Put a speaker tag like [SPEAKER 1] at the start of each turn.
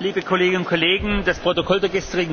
[SPEAKER 1] liebe kolleginnen und kollegen das protokoll der gestrigen sitzung wird morgen vormittag